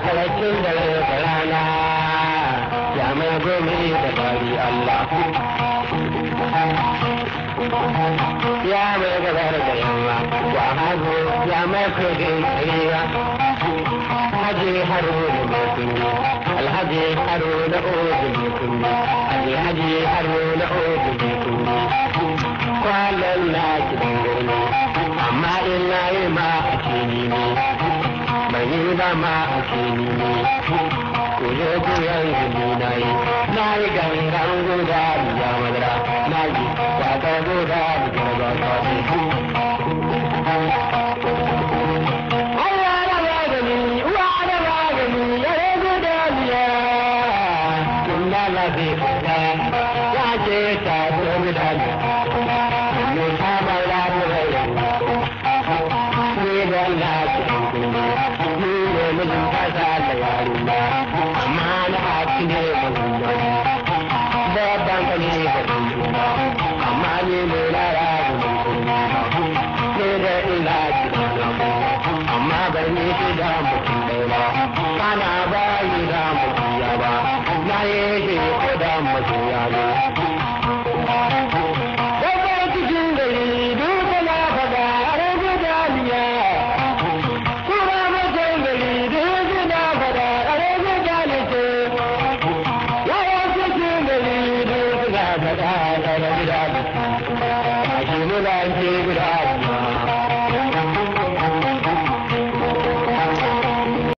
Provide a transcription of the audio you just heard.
sarkin da rana ya mai gomi da bari Allah. wahago ya mafi gaiya haji haruna mai kunni alhaji haruna oji mai kunni alhaji haruna oji mai kunni kwanan na kidan gani amma ina yi ma a kini ne bai ma ne yi yi labi kata ya ce ya ni ga la ku ni ne da da da da mu विधान अखिल राम के विधान